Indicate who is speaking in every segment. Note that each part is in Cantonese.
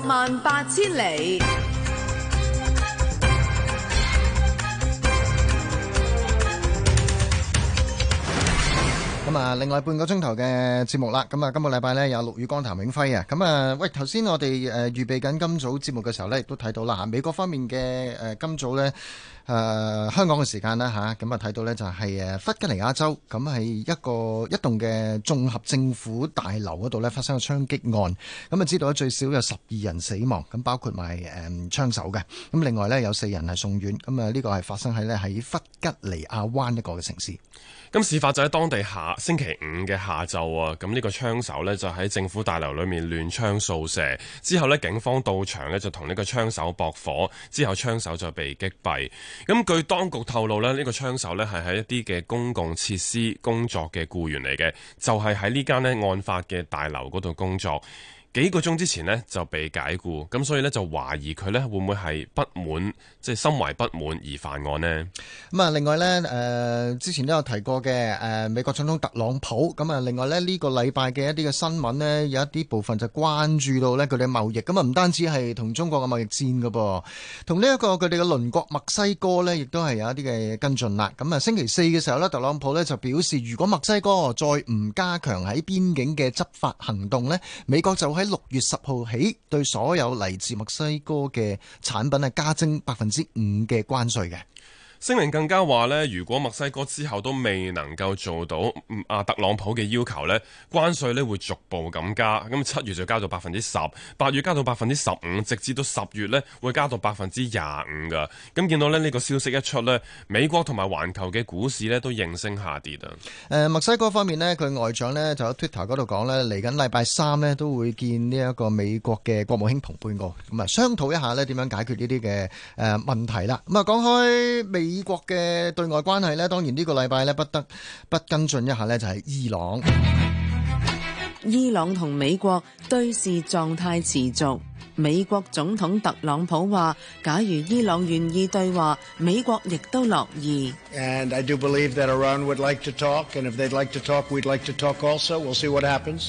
Speaker 1: 十萬八千里。
Speaker 2: 咁啊，另外半個鐘頭嘅節目啦，咁啊，今個禮拜咧有陸羽光、譚永輝啊，咁啊，喂，頭先我哋誒預備緊今早節目嘅時候呢，亦都睇到啦嚇，美國方面嘅誒今早呢，誒、呃、香港嘅時間啦。吓、啊，咁啊睇到呢，就係誒弗吉尼亞州，咁係一個一棟嘅綜合政府大樓嗰度呢發生咗槍擊案，咁啊知道最少有十二人死亡，咁包括埋誒、嗯、槍手嘅，咁另外呢，有四人係送院，咁啊呢個係發生喺呢，喺弗吉尼亞灣一個嘅城市。
Speaker 3: 咁事發就喺當地下星期五嘅下晝啊。咁呢個槍手呢，就喺政府大樓裏面亂槍掃射，之後呢，警方到場呢，就同呢個槍手搏火，之後槍手就被擊斃。咁據當局透露呢，呢個槍手呢，係喺一啲嘅公共設施工作嘅僱員嚟嘅，就係喺呢間呢案發嘅大樓嗰度工作。幾個鐘之前呢，就被解僱，咁所以呢，就懷疑佢呢會唔會係不滿，即係心懷不滿而犯案呢？
Speaker 2: 咁啊，另外呢，誒、呃，之前都有提過嘅，誒、呃，美國總統特朗普，咁啊，另外呢，呢、呢個禮拜嘅一啲嘅新聞呢，有一啲部分就關注到呢佢哋嘅貿易，咁啊，唔單止係同中國嘅貿易戰噶噃，同呢一個佢哋嘅鄰國墨西哥呢，亦都係有一啲嘅跟進啦。咁啊，星期四嘅時候呢，特朗普呢就表示，如果墨西哥再唔加強喺邊境嘅執法行動呢，美國就喺六月十號起，對所有嚟自墨西哥嘅產品係，加徵百分之五嘅關稅嘅。
Speaker 3: 聲明更加話呢，如果墨西哥之後都未能夠做到阿、啊、特朗普嘅要求呢，關稅呢會逐步咁加，咁、嗯、七月就加到百分之十，八月加到百分之十五，直至到十月呢會加到百分之廿五噶。咁、嗯、見到咧呢、呢個消息一出呢，美國同埋環球嘅股市呢都應聲下跌啊。誒、呃，
Speaker 2: 墨西哥方面呢，佢外長呢就喺 Twitter 嗰度講呢，嚟緊禮拜三呢都會見呢一個美國嘅國務卿蓬佩奧，咁啊商討一下呢點樣解決呢啲嘅誒問題啦。咁啊講開美。未美國嘅對外關係呢，當然呢個禮拜呢不得不跟進一下呢，就係伊朗。
Speaker 1: 伊朗同美國對峙狀態持續。美國總統特朗普話：假如伊朗願意對話，美國亦都樂意。And I do believe that Iran would like to talk, and if they'd like to talk, we'd like to talk also. We'll see what happens.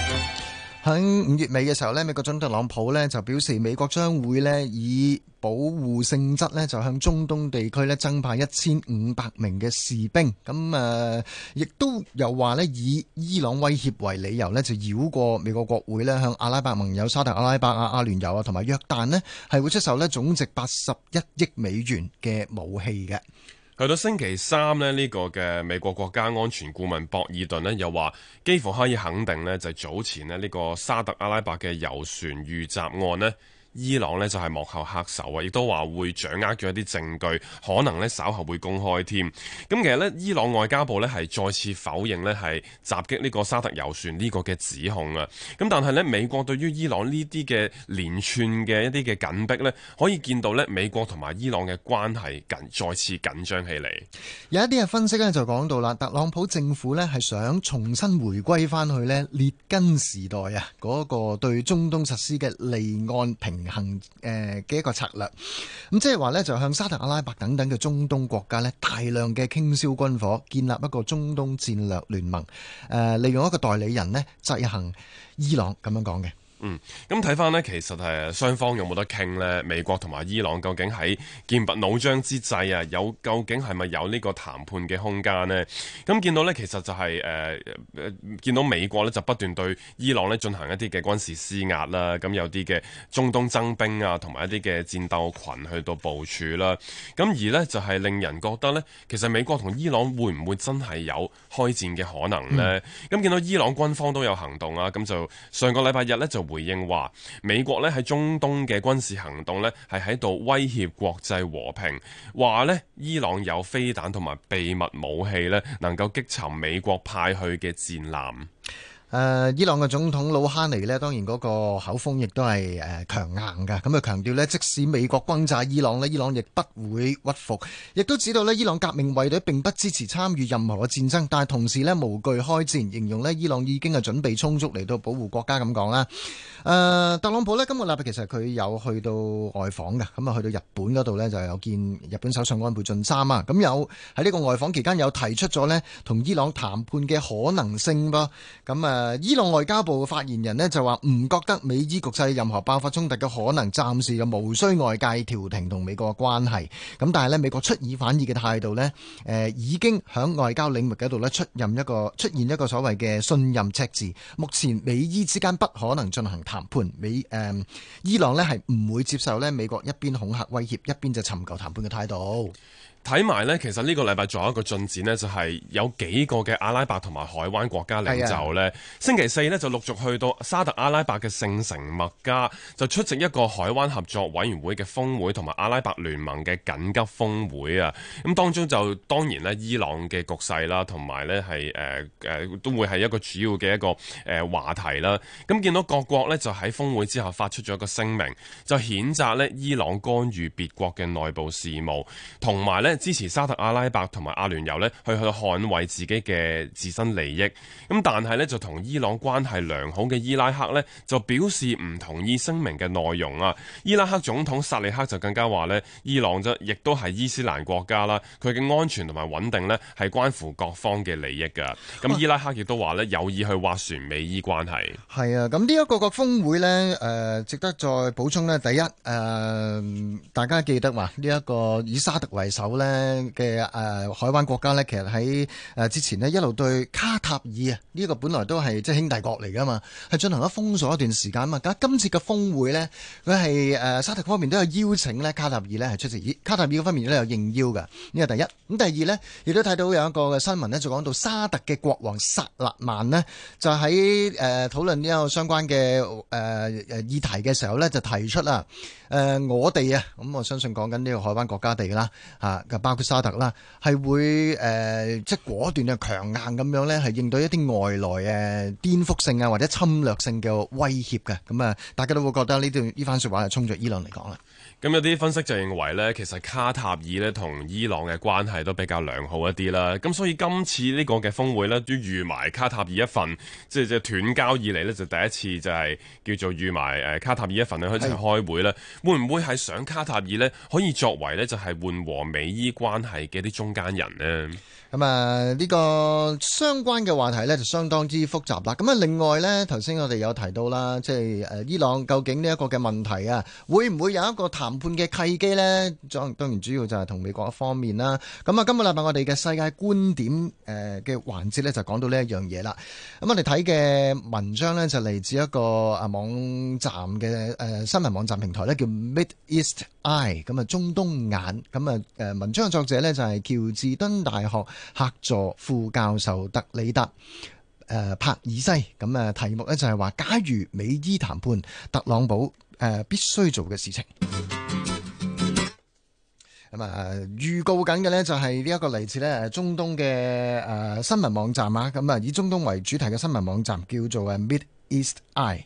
Speaker 2: 喺五月尾嘅時候咧，美國總統特朗普咧就表示，美國將會咧以保護性質咧就向中東地區咧增派一千五百名嘅士兵，咁誒、呃、亦都有話咧以伊朗威脅為理由咧就繞過美國國會咧向阿拉伯盟友沙特阿拉伯啊、阿聯酋啊同埋約旦咧係會出售咧總值八十一億美元嘅武器嘅。
Speaker 3: 去到星期三呢，呢個嘅美國國家安全顧問博爾頓呢，又話幾乎可以肯定呢，就係早前呢呢個沙特阿拉伯嘅油船遇襲案呢。伊朗呢就係幕後黑手啊！亦都話會掌握咗一啲證據，可能呢稍後會公開添。咁其實呢，伊朗外交部呢係再次否認呢係襲擊呢個沙特油船呢個嘅指控啊！咁但係呢，美國對於伊朗呢啲嘅連串嘅一啲嘅緊迫呢，可以見到呢美國同埋伊朗嘅關係緊再次緊張起嚟。有一啲嘅
Speaker 2: 分析呢就講到啦，特朗普政府呢係想重新回歸返去呢列根時代啊嗰、那個對中東實施嘅離岸平行誒、嘅一個策略，咁即係話咧，就向沙特阿拉伯等等嘅中東國家咧，大量嘅傾銷軍火，建立一個中東戰略聯盟，誒、呃，利用一個代理人咧，制衡伊朗咁樣講嘅。
Speaker 3: 嗯，咁睇返呢，其實係雙、呃、方有冇得傾呢？美國同埋伊朗究竟喺劍拔弩張之際啊，有究竟係咪有呢個談判嘅空間呢？咁、嗯、見到呢，其實就係、是、誒、呃，見到美國呢，就不斷對伊朗呢進行一啲嘅軍事施壓啦、啊。咁、嗯、有啲嘅中東增兵啊，同埋一啲嘅戰鬥群去到部署啦、啊。咁、嗯、而呢，就係、是、令人覺得呢，其實美國同伊朗會唔會真係有開戰嘅可能呢？咁、嗯嗯、見到伊朗軍方都有行動啊，咁、嗯、就上個禮拜日呢，就。回應話，美國咧，喺中東嘅軍事行動咧，係喺度威脅國際和平，話咧，伊朗有飛彈同埋秘密武器咧，能夠擊沉美國派去嘅戰艦。
Speaker 2: 誒、呃，伊朗嘅總統魯哈尼咧，當然嗰個口風亦都係誒強硬嘅，咁啊強調咧，即使美國轟炸伊朗咧，伊朗亦不會屈服，亦都知道咧，伊朗革命衛隊並不支持參與任何嘅戰爭，但係同時咧無懼開戰，形容咧伊朗已經係準備充足嚟到保護國家咁講啦。誒、呃，特朗普咧今個禮拜其實佢有去到外訪嘅，咁啊去到日本嗰度呢，就有見日本首相安倍晉三啊，咁有喺呢個外訪期間有提出咗呢同伊朗談判嘅可能性噃，咁啊～、呃誒，伊朗外交部發言人呢，就話唔覺得美伊局勢任何爆發衝突嘅可能，暫時就無需外界調停同美國嘅關係。咁但係咧，美國出爾反爾嘅態度呢，誒、呃、已經響外交領域嗰度咧出任一個出現一個所謂嘅信任赤字。目前美伊之間不可能進行談判，美誒、呃、伊朗呢，係唔會接受呢美國一邊恐嚇威脅一邊就尋求談判嘅態度。
Speaker 3: 睇埋咧，其實呢個禮拜仲有一個進展咧，就係、是、有幾個嘅阿拉伯同埋海灣國家領袖咧，的星期四咧就陸續去到沙特阿拉伯嘅聖城麥加，就出席一個海灣合作委員會嘅峰會同埋阿拉伯聯盟嘅緊急峰會啊。咁當中就當然咧，伊朗嘅局勢啦，同埋咧係誒誒都會係一個主要嘅一個誒話題啦。咁、啊、見到各國咧就喺峰會之後發出咗一個聲明，就譴責咧伊朗干預別國嘅內部事務，同埋咧。支持沙特阿拉伯同埋阿聯酋咧，去去捍衛自己嘅自身利益。咁但係咧，就同伊朗關係良好嘅伊拉克咧，就表示唔同意聲明嘅內容啊。伊拉克總統薩利克就更加話咧，伊朗就亦都係伊斯蘭國家啦，佢嘅安全同埋穩定咧係關乎各方嘅利益噶。咁哇伊拉克亦都話咧有意去划船美伊關係。
Speaker 2: 係啊，咁呢一個嘅峰會咧，誒、呃，值得再補充咧。第一，誒、呃，大家記得話呢一個以沙特為首。咧嘅誒海灣國家呢，其實喺誒之前呢，一路對卡塔爾啊，呢、這個本來都係即係兄弟國嚟噶嘛，係進行咗封鎖一段時間啊嘛。咁今次嘅峰會呢，佢係誒沙特方面都有邀請呢，卡塔爾呢係出席，卡塔爾方面都有應邀㗎。呢個第一，咁第二呢，亦都睇到有一個嘅新聞呢，就講到沙特嘅國王薩勒曼呢，就喺誒討論呢個相關嘅誒誒議題嘅時候呢，就提出啊誒、呃、我哋啊，咁我相信講緊呢個海灣國家地啦嚇。包括沙特啦，係會誒、呃，即係果斷啊、強硬咁樣咧，係應對一啲外來誒、顛覆性啊或者侵略性嘅威脅嘅。咁啊，大家都會覺得呢段呢番説話係沖着伊朗嚟講啦。
Speaker 3: 咁、嗯、有啲分析就認為呢，其實卡塔爾呢同伊朗嘅關係都比較良好一啲啦。咁、嗯、所以今次呢個嘅峰會呢，都預埋卡塔爾一份，即係即係斷交以嚟呢，就第一次就係、是、叫做預埋誒卡塔爾一份去開始開會咧。是會唔會係想卡塔爾呢可以作為呢就係、是、緩和美伊關係嘅啲中間人呢？
Speaker 2: 咁、嗯、啊，呢、這個相關嘅話題呢就相當之複雜啦。咁啊，另外呢，頭先我哋有提到啦，即係誒伊朗究竟呢一個嘅問題啊，會唔會有一個談判嘅契機咧，當當然主要就係同美國一方面啦。咁啊，今個禮拜我哋嘅世界觀點誒嘅環節咧，就講到呢一樣嘢啦。咁我哋睇嘅文章咧，就嚟自一個啊網站嘅誒新聞網站平台咧，叫 Mid East Eye。咁啊，中東眼咁啊誒。文章嘅作者咧就係喬治敦大學客座副教授特里塔誒帕爾西咁啊。題目咧就係話，假如美伊談判，特朗普誒必須做嘅事情。咁啊，預告緊嘅呢，就係呢一個嚟自咧中東嘅誒、呃、新聞網站啊，咁啊以中東為主題嘅新聞網站叫做 Middle East Eye。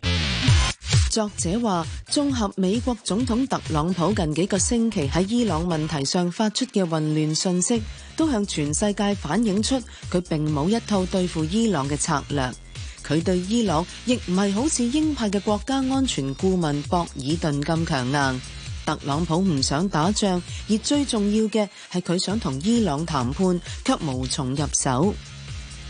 Speaker 1: 作者話：綜合美國總統特朗普近幾個星期喺伊朗問題上發出嘅混亂訊息，都向全世界反映出佢並冇一套對付伊朗嘅策略。佢對伊朗亦唔係好似鷹派嘅國家安全顧問博爾頓咁強硬。特朗普唔想打仗，而最重要嘅係佢想同伊朗談判，卻無從入手。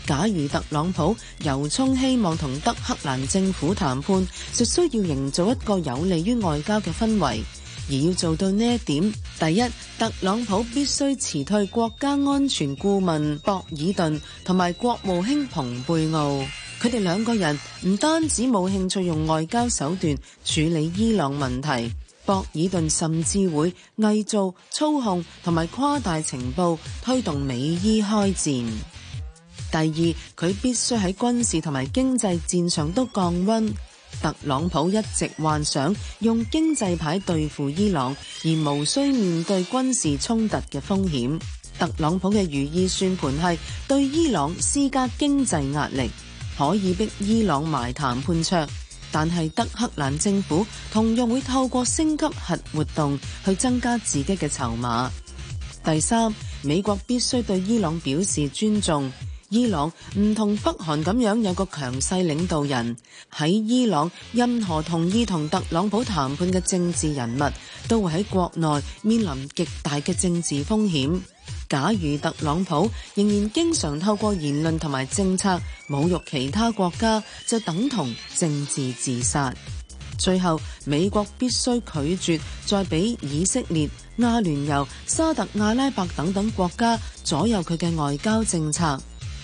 Speaker 1: 假如特朗普由衷希望同德黑蘭政府談判，就需要營造一個有利於外交嘅氛圍。而要做到呢一點，第一，特朗普必須辭退國家安全顧問博爾頓同埋國務卿蓬佩奧。佢哋兩個人唔單止冇興趣用外交手段處理伊朗問題。博爾頓甚至會偽造、操控同埋誇大情報，推動美伊開戰。第二，佢必須喺軍事同埋經濟戰場都降溫。特朗普一直幻想用經濟牌對付伊朗，而無需面對軍事衝突嘅風險。特朗普嘅如意算盤係對伊朗施加經濟壓力，可以逼伊朗埋談判桌。但係，德黑蘭政府同樣會透過升級核活動去增加自己嘅籌碼。第三，美國必須對伊朗表示尊重。伊朗唔同北韓咁樣有個強勢領導人，喺伊朗任何同意同特朗普談判嘅政治人物都會喺國內面臨極大嘅政治風險。假如特朗普仍然經常透過言論同埋政策侮辱其他國家，就等同政治自殺。最後，美國必須拒絕再俾以色列、阿聯酋、沙特阿拉伯等等國家左右佢嘅外交政策。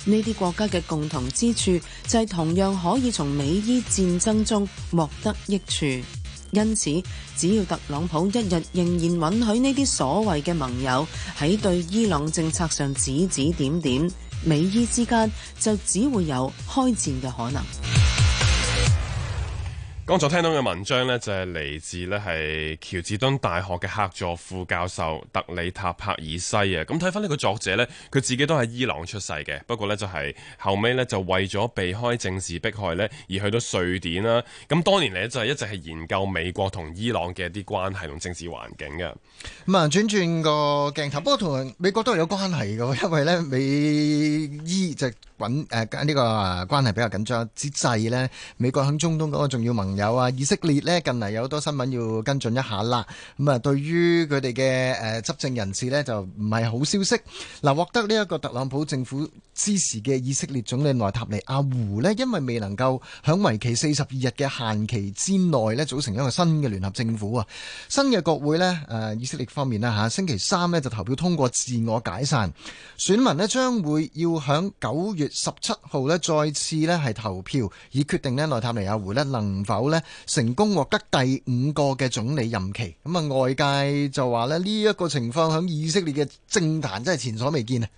Speaker 1: 呢啲國家嘅共同之處就係同樣可以從美伊戰爭中獲得益處。因此，只要特朗普一日仍然允許呢啲所謂嘅盟友喺對伊朗政策上指指點點，美伊之間就只會有開戰嘅可能。
Speaker 3: 剛才聽到嘅文章呢，就係、是、嚟自呢係喬治敦大學嘅客座副教授特里塔帕爾西啊。咁睇返呢個作者呢，佢自己都係伊朗出世嘅，不過呢，就係、是、後尾呢，就為咗避開政治迫害呢，而去到瑞典啦。咁、嗯、多年嚟呢就係、是、一直係研究美國同伊朗嘅一啲關係同政治環境嘅。
Speaker 2: 咁啊，轉轉個鏡頭，不過同美國都係有關係嘅，因為呢，美伊就揾誒呢個啊關係比較緊張，之際呢，美國喺中東嗰個重要盟。有啊，以色列咧近嚟有好多新聞要跟進一下啦。咁啊，對於佢哋嘅誒執政人士咧，就唔係好消息。嗱，獲得呢一個特朗普政府支持嘅以色列總理內塔尼亞胡咧，因為未能夠響為期四十二日嘅限期之內咧組成一個新嘅聯合政府啊，新嘅國會咧誒以色列方面啦嚇，星期三咧就投票通過自我解散，選民咧將會要響九月十七號咧再次咧係投票，以決定咧內塔尼亞胡咧能否好咧，成功獲得第五個嘅總理任期，咁啊，外界就話咧呢一個情況喺以色列嘅政壇真係前所未見啊！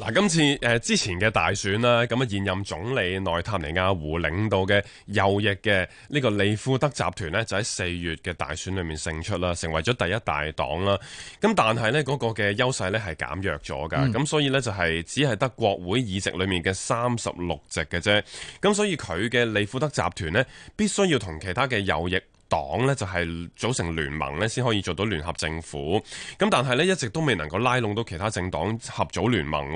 Speaker 3: 嗱，今次誒、呃、之前嘅大選啦，咁啊現任總理內塔尼亞胡領導嘅右翼嘅呢個利庫德集團呢，就喺四月嘅大選裏面勝出啦，成為咗第一大黨啦。咁但係呢嗰、那個嘅優勢呢，係減弱咗㗎，咁、嗯、所以呢，就係只係得國會議席裏面嘅三十六席嘅啫。咁所以佢嘅利庫德集團呢，必須要同其他嘅右翼。黨呢，就係組成聯盟呢，先可以做到聯合政府。咁但係呢，一直都未能夠拉攏到其他政黨合組聯盟。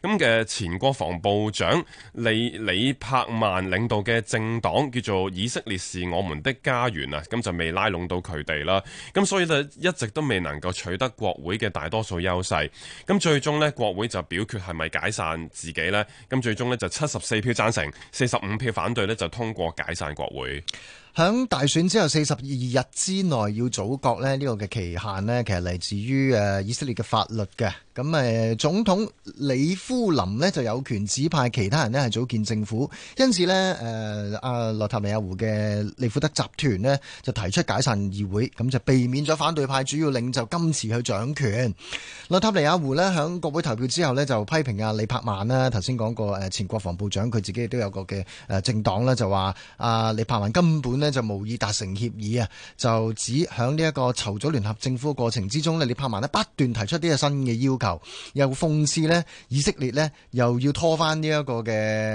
Speaker 3: 咁嘅前國防部長李李柏曼領導嘅政黨叫做以色列是我們的家園啊。咁就未拉攏到佢哋啦。咁所以呢，一直都未能夠取得國會嘅大多數優勢。咁最終呢，國會就表決係咪解散自己呢？咁最終呢，就七十四票贊成，四十五票反對呢，就通過解散國會。
Speaker 2: 響大選之後四十二日之內要組閣咧，呢個嘅期限咧，其實嚟自於誒以色列嘅法律嘅。咁誒總統李夫林咧就有權指派其他人咧係組建政府，因此咧誒阿洛塔尼亞胡嘅利富德集團咧就提出解散議會，咁就避免咗反對派主要領袖今次去掌權。洛塔尼亞胡咧響國會投票之後咧就批評阿李柏曼啦，頭先講過誒前國防部長佢自己亦都有個嘅誒政黨咧就話阿、啊、李柏曼根本咧就無意達成協議啊，就只響呢一個籌組聯合政府嘅過程之中咧，李柏曼咧不斷提出啲嘅新嘅要。又諷刺咧，以色列咧又要拖翻呢一個嘅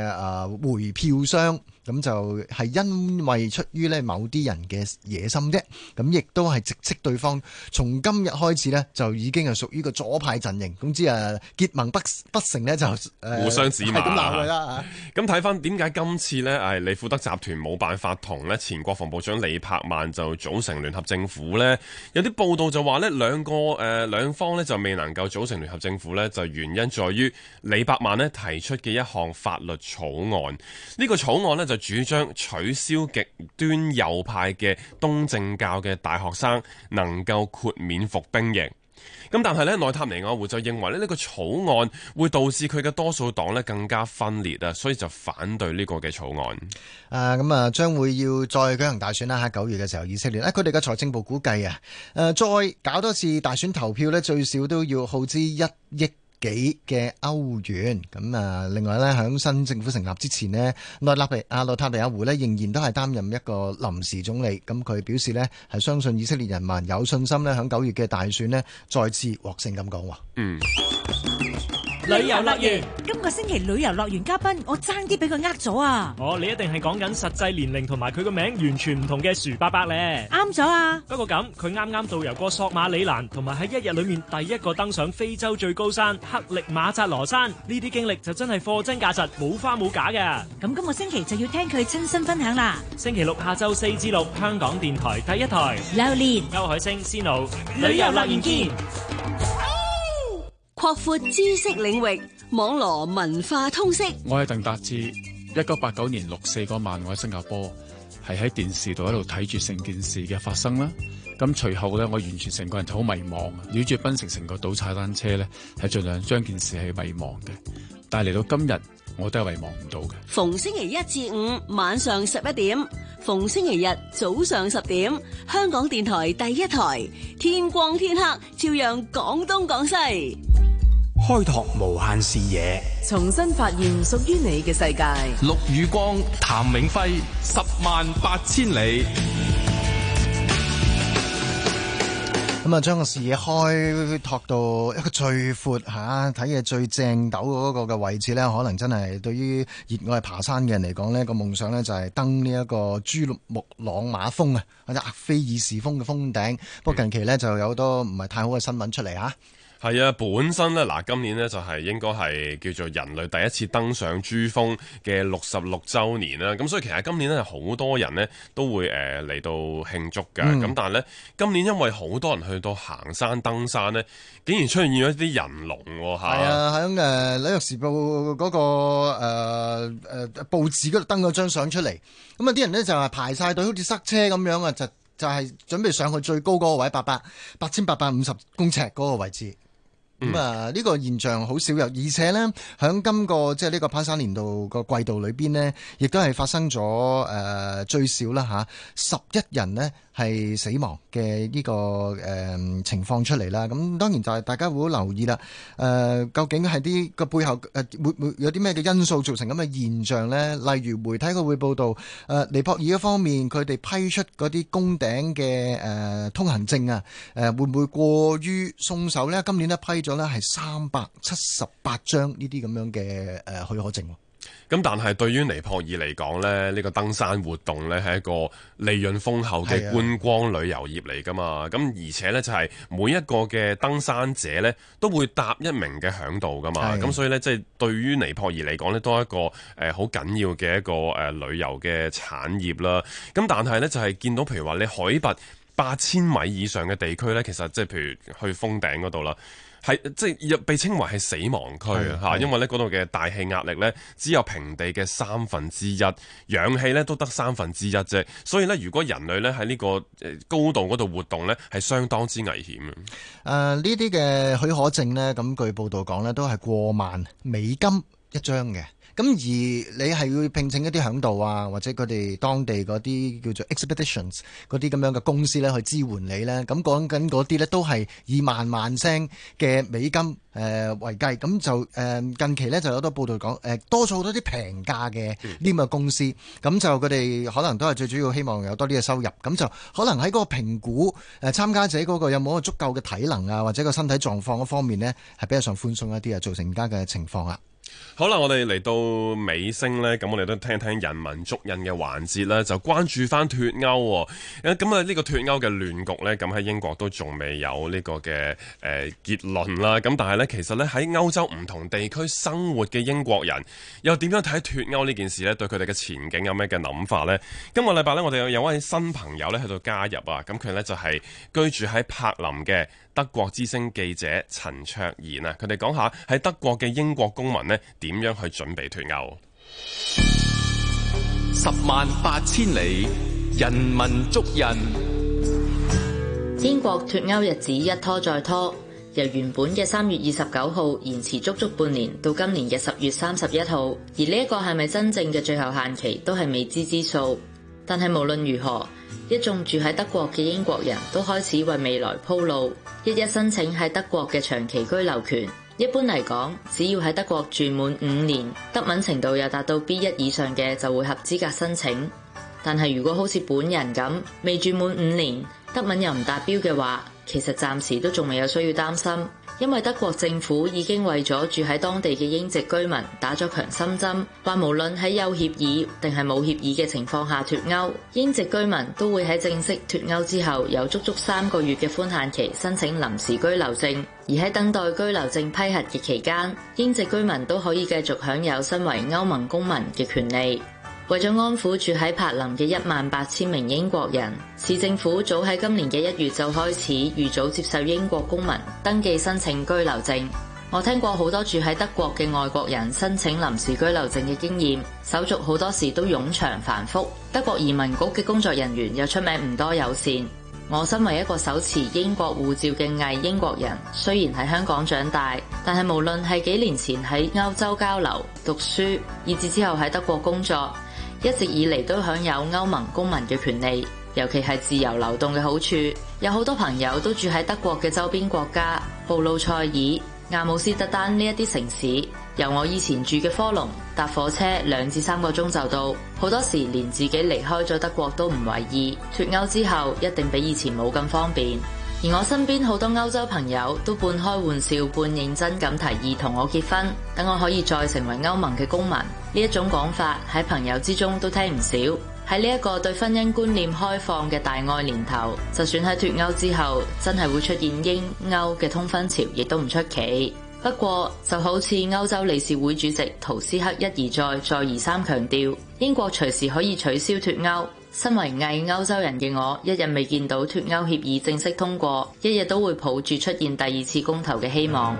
Speaker 2: 誒回票箱。咁就係因為出於呢某啲人嘅野心啫。咁亦都係直斥對方，從今日開始呢，就已經係屬於個左派陣營。總之啊，結盟不不成呢，就
Speaker 3: 誒、嗯呃、互相指罵咁鬧佢啦嚇。咁睇翻點解今次呢？誒利庫德集團冇辦法同呢前國防部長李柏曼就組成聯合政府呢。有啲報道就話呢兩個誒、呃、兩方呢，就未能夠組成聯合政府呢。就原因在於李柏曼呢提出嘅一項法律草案。呢、呢個草案呢。就。主張取消極端右派嘅東正教嘅大學生能夠豁免服兵役，咁但係咧內塔尼亞胡就認為咧呢個草案會導致佢嘅多數黨咧更加分裂啊，所以就反對呢個嘅草案。
Speaker 2: 誒，咁啊，將會要再舉行大選啦，喺九月嘅時候，以色列咧，佢哋嘅財政部估計啊，誒、呃，再搞多次大選投票咧，最少都要耗資一億。幾嘅歐元咁啊！另外咧，喺新政府成立之前咧， 內納皮阿內塔尼亞胡咧仍然都係擔任一個臨時總理。咁佢表示咧，係相信以色列人民有信心咧，喺九月嘅大選咧再次獲勝咁講話。嗯。旅遊樂
Speaker 4: 園，今個星期旅遊樂園嘉賓，我爭啲俾佢呃咗啊！哦，你一定係講緊實際年齡同
Speaker 3: 埋佢個名完全唔同嘅薯伯伯咧，啱咗啊！不過咁，佢啱啱導遊過索馬里蘭，同埋喺一日裏面第一個登上非洲最高山乞力馬扎羅山，呢啲經歷就真係貨真價實，冇花冇假嘅。咁今個星期就要聽佢親身分享啦。星期六下晝四至六，香港電台第一台。劉連、歐海星、施露，旅遊樂園見。
Speaker 4: 擴闊知識領域，網羅文化通識。
Speaker 3: 我係鄧達智，一九八九年六四個晚，我喺新加坡，係喺電視度喺度睇住成件事嘅發生啦。咁隨後咧，我完全成個人就好迷茫。繞住檳城成個島踩單車咧，係盡量將件事係遺忘嘅。但係嚟到今日，我都係遺忘唔到嘅。
Speaker 4: 逢星期一至五晚上十一點，逢星期日早上十點，香港電台第一台，天光
Speaker 1: 天黑照樣講東講西。
Speaker 3: 開拓無限視野，
Speaker 1: 重新發現屬於你嘅世界。
Speaker 3: 陸宇光、譚永輝，十萬八千里。咁啊，將
Speaker 2: 個視野開拓到一個最闊吓，睇嘢最正斗嗰個嘅位置咧，可能真係對於熱愛爬山嘅人嚟講，呢個夢想咧就係登呢一個珠穆朗瑪峰啊，或者阿非爾士峰嘅峰頂。嗯、不過近期呢，就有好多唔係太好嘅新聞出嚟吓。
Speaker 3: 係啊，本身咧嗱，今年咧就係、是、應該係叫做人類第一次登上珠峰嘅六十六周年啦。咁所以其實今年咧好多人呢都會誒嚟、呃、到慶祝嘅。咁、嗯、但係咧今年因為好多人去到行山登山咧，竟然出現咗一啲人龍喎吓！
Speaker 2: 係啊，喺誒《紐、呃、約時報、那個》嗰個誒誒報紙嗰度登咗張相出嚟。咁啊啲人咧就係排晒隊，好似塞車咁樣啊，就就係、是、準備上去最高嗰個位，八百八千八百五十公尺嗰個位置。咁啊，呢個現象好少有，而且咧，喺今個即係呢個攀山年度個季度裏邊咧，亦都係發生咗誒最少啦嚇十一人咧係死亡嘅呢個誒情況出嚟啦。咁當然就係大家會好留意啦。誒，究竟係啲個背後誒會會有啲咩嘅因素造成咁嘅現象咧？例如媒體佢會報道誒尼泊爾一方面佢哋批出嗰啲攻頂嘅誒通行證啊，誒會唔會過於鬆手咧？今年一批。咗咧，係三百七十八張呢啲咁樣嘅誒許可證。
Speaker 3: 咁但係對於尼泊爾嚟講呢，呢，呢個登山活動呢係一個利潤豐厚嘅觀光旅遊業嚟噶嘛。咁的而且呢，就係每一個嘅登山者呢都會搭一名嘅響度噶嘛。咁的所以呢，即係對於尼泊爾嚟講呢，都係一個誒好緊要嘅一個誒旅遊嘅產業啦。咁但係呢，就係見到，譬如話你海拔八千米以上嘅地區呢，其實即係譬如去峰頂嗰度啦。係即係被稱為係死亡區啊，嚇！因為咧度嘅大氣壓力咧只有平地嘅三分之一，氧氣咧都得三分之一啫。所以咧，如果人類咧喺呢個高度嗰度活動咧，係相當之危險
Speaker 2: 啊！誒、呃，呢啲嘅許可證咧，咁據報道講咧，都係過萬美金。一張嘅，咁而你係要聘請一啲嚮導啊，或者佢哋當地嗰啲叫做 Expeditions 嗰啲咁樣嘅公司咧去支援你咧，咁講緊嗰啲咧都係以萬萬聲嘅美金誒為計，咁就誒近期咧就有多報道講誒多咗好多啲平價嘅呢個公司，咁、嗯、就佢哋可能都係最主要希望有多啲嘅收入，咁就可能喺嗰個評估誒參加者嗰個有冇個足夠嘅體能啊，或者個身體狀況嗰方面呢，係比較上寬鬆一啲啊，造成而家嘅情況啦、啊。
Speaker 3: 好啦，我哋嚟到尾聲呢。咁我哋都聽一聽人文足印嘅環節啦，就關注翻脫歐。咁啊，呢個脫歐嘅亂局呢，咁喺英國都仲未有呢、這個嘅誒、呃、結論啦。咁、嗯、但係呢，其實呢，喺歐洲唔同地區生活嘅英國人又點樣睇脫歐呢件事呢？對佢哋嘅前景有咩嘅諗法呢？今個禮拜呢，我哋有位新朋友呢喺度加入啊，咁佢呢，就係居住喺柏林嘅。德國之聲記者陳卓妍啊，佢哋講下喺德國嘅英國公民咧，點樣去準備脫歐？十萬八千里，人文足印。
Speaker 4: 英國脫歐日子一拖再拖，由原本嘅三月二十九號延遲足足半年，到今年嘅十月三十一號。而呢一個係咪真正嘅最後限期，都係未知之數。但係無論如何。一眾住喺德國嘅英國人都開始為未來鋪路，一一申請喺德國嘅長期居留權。一般嚟講，只要喺德國住滿五年，德文程度又達到 B1 以上嘅就會合資格申請。但係如果好似本人咁未住滿五年，德文又唔達標嘅話，其實暫時都仲未有需要擔心。因為德國政府已經為咗住喺當地嘅英籍居民打咗強心針，話無論喺有協議定係冇協議嘅情況下脫歐，英籍居民都會喺正式脫歐之後有足足三個月嘅寬限期申請臨時居留證，而喺等待居留證批核嘅期間，英籍居民都可以繼續享有身為歐盟公民嘅權利。為咗安撫住喺柏林嘅一萬八千名英國人，市政府早喺今年嘅一月就開始預早接受英國公民登記申請居留證。我聽過好多住喺德國嘅外國人申請臨時居留證嘅經驗，手續好多時都冗長繁複。德國移民局嘅工作人員又出名唔多友善。我身為一個手持英國護照嘅偽英國人，雖然喺香港長大，但係無論係幾年前喺歐洲交流、讀書，以至之後喺德國工作。一直以嚟都享有歐盟公民嘅權利，尤其係自由流動嘅好處。有好多朋友都住喺德國嘅周邊國家，布魯塞爾、阿姆斯特丹呢一啲城市，由我以前住嘅科隆搭火車兩至三個鐘就到。好多時連自己離開咗德國都唔為意。脫歐之後一定比以前冇咁方便。而我身邊好多歐洲朋友都半開玩笑半認真咁提議同我結婚，等我可以再成為歐盟嘅公民。呢一種講法喺朋友之中都聽唔少。喺呢一個對婚姻觀念開放嘅大愛年頭，就算喺脫歐之後，真係會出現英歐嘅通婚潮，亦都唔出奇。不過就好似歐洲理事會主席圖斯克一而再、再而三強調，英國隨時可以取消脫歐。身為偽歐洲人嘅我，一日未見到脱歐協議正式通過，一日都會抱住出現第二次公投嘅希望。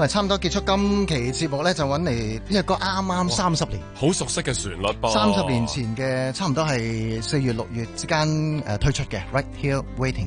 Speaker 2: 喂，差唔多結束今期節目咧，就揾嚟呢個啱啱三十年
Speaker 3: 好熟悉嘅旋律噃。三十年
Speaker 2: 前嘅差唔多係四月六月之間誒推出嘅《Right Here Waiting》。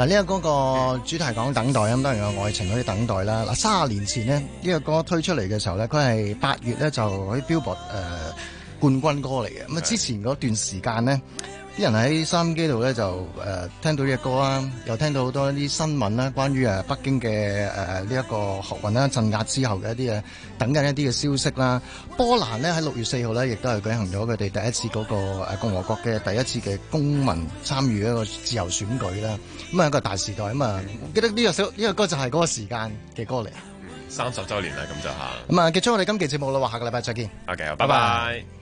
Speaker 2: 嗱，呢個嗰主題講等待，咁，當然有愛情嗰啲等待啦。嗱，卅年前咧，呢個歌推出嚟嘅時候咧，佢係八月咧就啲 Billboard 誒冠軍歌嚟嘅。咁啊的，之前嗰段時間咧。啲人喺收音機度咧就誒、呃、聽到呢隻歌啦，又聽到好多啲新聞啦，關於誒北京嘅誒呢一個學運啦，鎮壓之後嘅一啲誒等緊一啲嘅消息啦。波蘭咧喺六月四號咧，亦都係舉行咗佢哋第一次嗰、那個、呃、共和國嘅第一次嘅公民參與一個自由選舉啦。咁、嗯、啊，一個大時代啊嘛、嗯。記得呢個呢、這個歌就係嗰個時間嘅歌嚟。
Speaker 3: 三十週年啦，咁就嚇。
Speaker 2: 咁啊，結束我哋今期節目啦，話下個禮拜再見。拜拜、okay, bye。